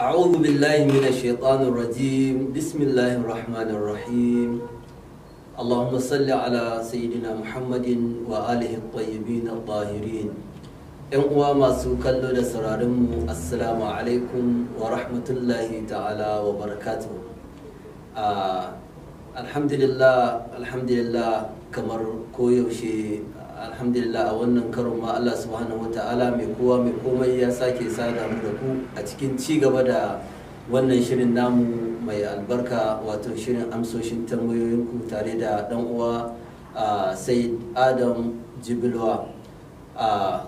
أعوذ بالله من الشيطان الرجيم بسم الله الرحمن الرحيم اللهم صل على سيدنا محمد وآله الطيبين الطاهرين ‘Yan uwa masu kallo da sauraronmu assalamu alaikum wa rahmatullahi ta'ala wa barakatuhu alhamdulillah alhamdulillah kamar koyaushe alhamdulillah a wannan karon ma Allah subhanahu wata'ala mai kowa mai komai ya sake sada mu da ku a cikin ci gaba da wannan shirin namu mai albarka wato shirin amsoshin tambayoyin ku tare da dan uwa sai adam jibilwa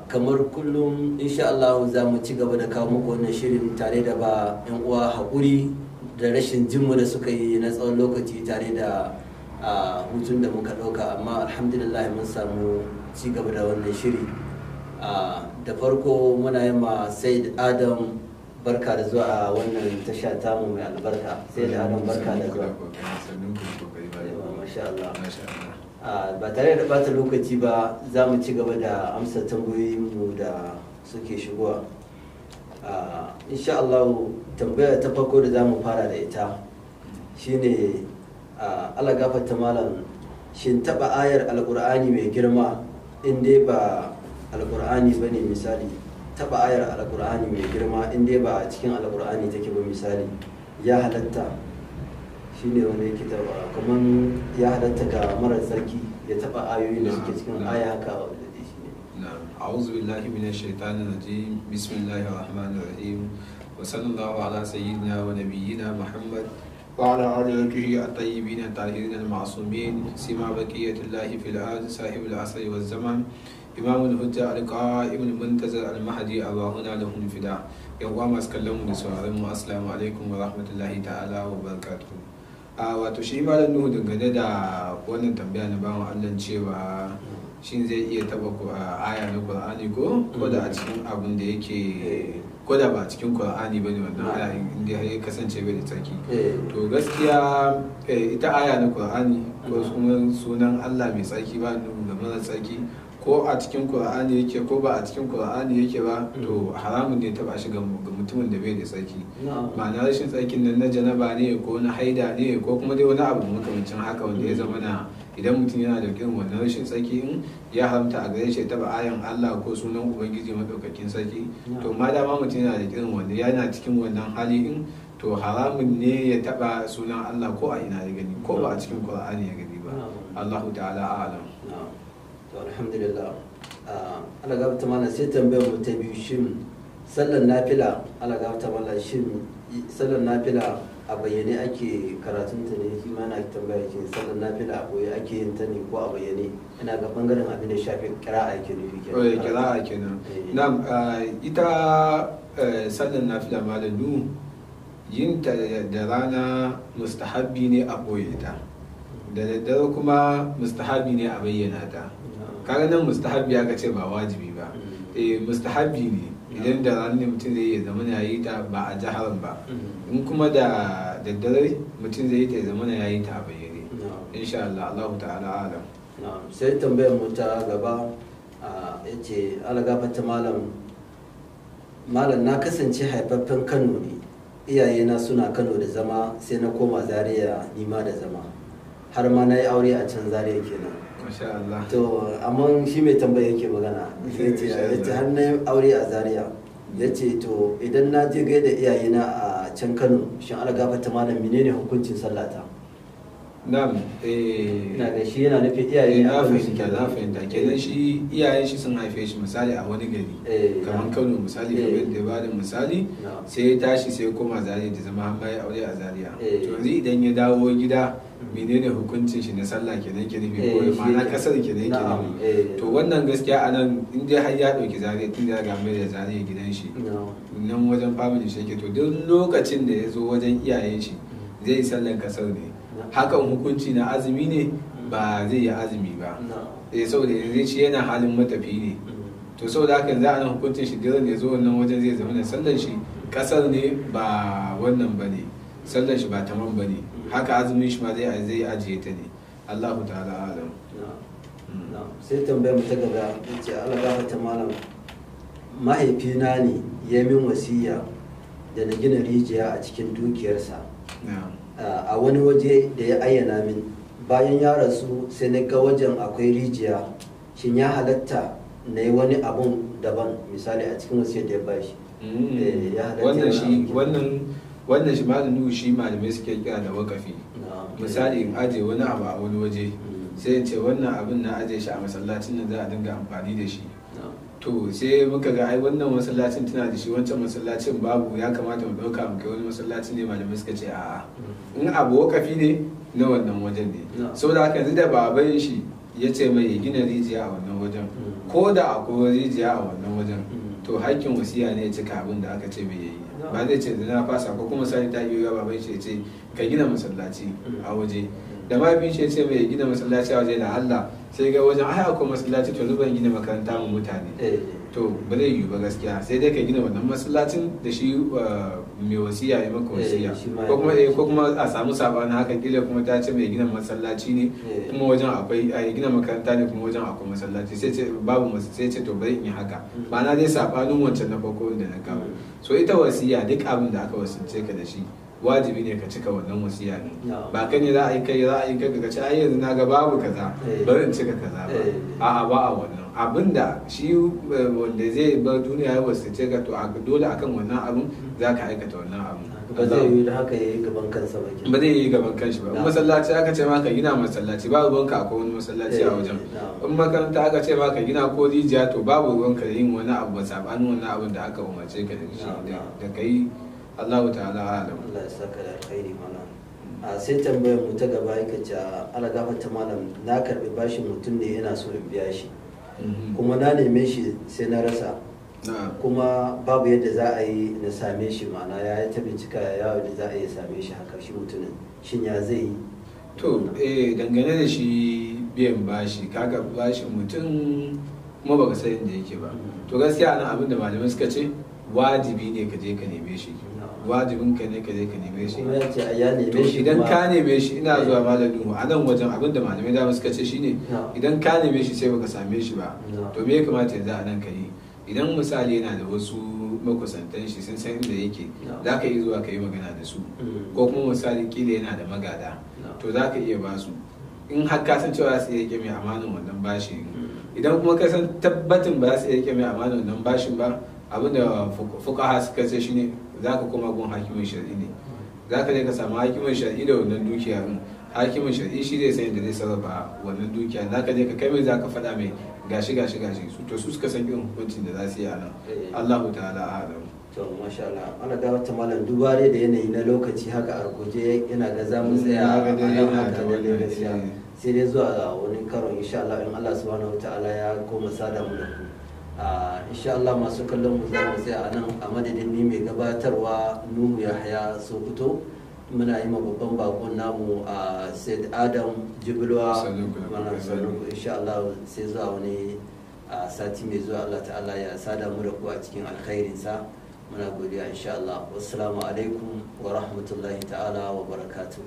kamar kullum insha Allah za mu ci gaba da kawo muku wannan shirin tare da ba 'yan uwa haƙuri da rashin jinmu da suka yi na tsawon lokaci tare da a hutun da muka ɗauka amma alhamdulillah mun samu ci gaba da wannan shiri da farko muna yi ma sai adam barka da zuwa a wannan tasha tamu mai albarka sai da adam barka da zuwa ba tare da bata lokaci ba za mu ci gaba da amsa tambayoyinmu da suke shigowa insha Allah tambaya ta farko da za mu fara da ita shine ala gafata malam shin taba ayar alkur'ani mai girma in dai ba alkur'ani ba ne misali taba ayar alkur'ani mai girma in dai ba a cikin alkur'ani take ba misali ya halatta shi ne wanda yake taba kuma ya halatta ga mara tsarki ya taba ayoyin da suke cikin aya haka wanda dai shi ne a'udhu billahi minash shaitanir rajim bismillahir rahmanir rahim wa sallallahu ala sayyidina wa nabiyyina muhammad وعلى آله وجهه الطيبين الطاهرين المعصومين سما بقية الله في الأرض صاحب العصر والزمان إمام الهجة القائم المنتظر المهدي اللهنا له الفداء يوم أسكلم نسوارم السلام عليكم ورحمة الله تعالى وبركاته a wato على النهود nuhu dangane da wannan tambaya na shi zai iya taba aya na qur'ani ko mm. ko da a cikin abin da yake ko da ba a cikin qur'ani bane wannan mm. aya inda ya kasance bai da tsaki eh. to gaskiya eh, ita aya na qur'ani ko mm. sunan Allah mai tsaki ba da mara tsaki ko a cikin qur'ani yake ko ba a cikin qur'ani yake ba to haramun ne taba shi ga mutumin da bai da tsaki ma'ana rashin tsakin nan na janaba ne ko na haida ne ko kuma dai wani abu makamancin haka wanda ya zama na idan mutum yana da irin wannan rashin tsaki in ya haramta a gare shi taba ayan Allah ko sunan ubangiji madaukakin sarki to ma dama mutum yana da irin wannan yana cikin wannan hali in to haramun ne ya taba sunan Allah ko a ina ya gani ko ba a cikin Qur'ani ya gani ba Allahu ta'ala a'lam to alhamdulillah ah, Allah gaba ta mana sai tambayar mu ta biyu shin sallan nafila Allah gaba ta mana shin sallan nafila a bayyane ake karatun ta ne shi ma na tambaya ke sannan na fi a koyi ake yin ta ne ko a bayyane ina ga bangaren abin da shafi kira'a ke nufi ke nan kira'a eh, ke nan eh. na'am ita eh, sallan nafila malalu yin ta da rana mustahabbi ne a boye ta da daddare kuma mustahabbi ne a bayyana ta kaga nan mustahabbi aka ce ba wajibi ba hmm. eh mustahabbi ne idan da ranar ne mutum zai yi zama ya yi ta ba a jaharin ba mm-hmm. in kuma da daddare mutum zai yi ta zama ya yi ta a bayyane insha Allah Allah ta'ala alam sai tambayar mu ta gaba ya ce alagafata malam malam na kasance haifaffen kano ne iyayena suna kano da zama sai na koma zaria nima da zama har ma na yi aure a can zariya nan to amma shi mai tambaya yake magana ya ce har na yi aure a zariya ya ce to idan na je da iyayena a can kano shin gafa ta malam menene hukuncin sallata Na'am. Eh na da shi yana nufin iyaye eh, na fahimta na fahimta kenan shi iyayen shi sun haife shi misali a wani gari eh, kamar Kano misali kamar eh. da ba da misali sai ya tashi sai ya koma zariya da zama an bai aure a Zariya. to yanzu idan ya dawo gida menene hukuncin shi na sallah kenan ke nufi ko eh, na kasar nan ke nufi eh. to wannan gaskiya a nan in dai har ya dauki zane tun da ga mai da zare gidan shi nan wajen family shi yake to duk lokacin da ya zo wajen iyayen shi mm. zai yi sallan kasar ne hakan hukunci na azumi ne mm. ba zai yi azumi ba eh saboda yanzu shi yana halin matafi ne mm. to saboda hakan za a nan hukuncin shi da ya zo wannan wajen zai zama da sallan shi kasar ne ba wannan ba ne sallan shi ba tamam ba ne haka azumin shi ma zai zai ajiye ta ne Allahu ta'ala alam hmm. sai tambayar mu ta gaba ce Allah ta malam mahaifina ne ya min wasiya da na gina rijiya a cikin dukiyarsa a wani waje da ya ayyana min bayan ya rasu sai na ga wajen akwai rijiya shin ya halatta na yi wani abun daban misali a cikin wasiyar da ya bashi hmm. eh, wannan wannan shi nuhu shi malamai suke kira da wakafi misali in aje wani abu a wani waje hmm. sai in ce wannan abin na aje shi a masallacin nan za a dinga amfani da shi to sai muka ga ai wannan masallacin tana da shi wancan masallacin babu ya kamata mu dauka mu kai wani masallacin ne malamai suka ce a'a hmm. in abu wakafi ne na wannan wajen ne saboda haka yanzu da baban shi ya ce mai gina rijiya a wannan wajen hmm. ko da akwai rijiya a wannan wajen to haƙƙin wasiya ne ya cika abin da aka ce mai yi ba zai ce da na fasa ko kuma sani ta yi baban bai ce ka gina masallaci a waje da ma shi ce mai gina masallaci a waje da Allah sai ga wajen ai akwai masallaci to zuban gina makaranta mu mutane eh, eh. to ba zai yiwu ba gaskiya sai dai ka gina wannan masallacin da shi eh, mai wasiya ya maka eh, wasiya eh, ko kuma a samu sabanin haka kila kuma ta ce mai gina masallaci ne kuma wajen akwai a gina makaranta ne kuma wajen akwai masallaci sai ce babu masu sai ce to ba zai yi haka ba mm. na dai sabanin wancan na farko da na kawo mm. so ita wasiya duk abin da aka wasance ka da shi wajibi ne ka cika wannan wasiya ne ba ka ne za a yi kai za a yi kai ka ce ai yanzu na ga babu kaza bari in cika kaza ba a'a ba a wannan abinda shi eh, wanda zai bar duniya ya wasu ce ga to dole akan wannan abin za ka aikata wannan abin ba zai yi da haka yayi gaban kansa ba ba zai yi gaban kanshi ba masallaci aka ce maka gina masallaci babu ruwanka akwai wani masallaci a eh, wajen in makaranta aka ce maka gina ko rijiya to babu ruwanka yin wani abu ba sabanin wani abin da aka umarce ka da shi da kai Allahu ta'ala alam Allah ya saka da alkhairi a sai tambayar mu ta gaba yake ce ala gafarta malam na karbi bashin mutum ne yana so in biya shi kuma na neme shi sai na rasa kuma babu yadda za a yi na same shi mana ya yi ta bincika ya yadda za a yi same shi haka shi mutumin shin ya zai yi to eh dangane da shi biyan bashi kaga bashi mutum kuma baka san yadda yake ba mm. to gaskiya nan abin da malamai suka ce wajibi ne ka je ka neme shi wajibin ka ne ka je ka neme shi to idan ka neme shi ina eh. zuwa malam duhu a nan wajen abinda malamai da suka ce shine idan ka neme shi sai baka same shi ba to me ya kamata yanzu a nan ka yi idan misali yana da wasu makusantan shi sun san inda yake za ka yi zuwa ka yi magana da su mm. ko kuma misali kila yana da magada to za ka iya ba su in har ka san cewa su yake mai amanin wannan bashin mm. idan kuma ka san tabbatin ba su yake mai amanin wannan bashin ba abinda fukaha suka ce shine za ka koma gun hakimin shari'i ne za ka ne ka samu hakimin shari'i da wannan dukiya ɗin hakimin shari'i shi zai san yadda zai sarrafa wannan dukiya za ka ne ka kai mai za ka faɗa mai gashi gashi gashi su to su suka san irin hukuncin da za su yi a nan eh, eh. Allahu ta'ala adam to masha Allah ana ga wata malam dubare da yanayi na lokaci haka a yana ga za mu tsaya a nan haka da lokaci eh. sai dai zuwa wani karon insha Allah in Allah subhanahu wa ta'ala ya koma sada mu da ku insha Allah masu kallon mu zama mu a nan a madadin ni mai gabatarwa Nuhu Yahya Sokoto muna yi ma babban bakon namu a Said Adam Jibilwa mana insha Allah sai zuwa wani sati mai zuwa Allah ta'ala ya sada mu da ku a cikin alkhairinsa muna godiya insha Allah wassalamu alaikum wa rahmatullahi ta'ala wa barakatuh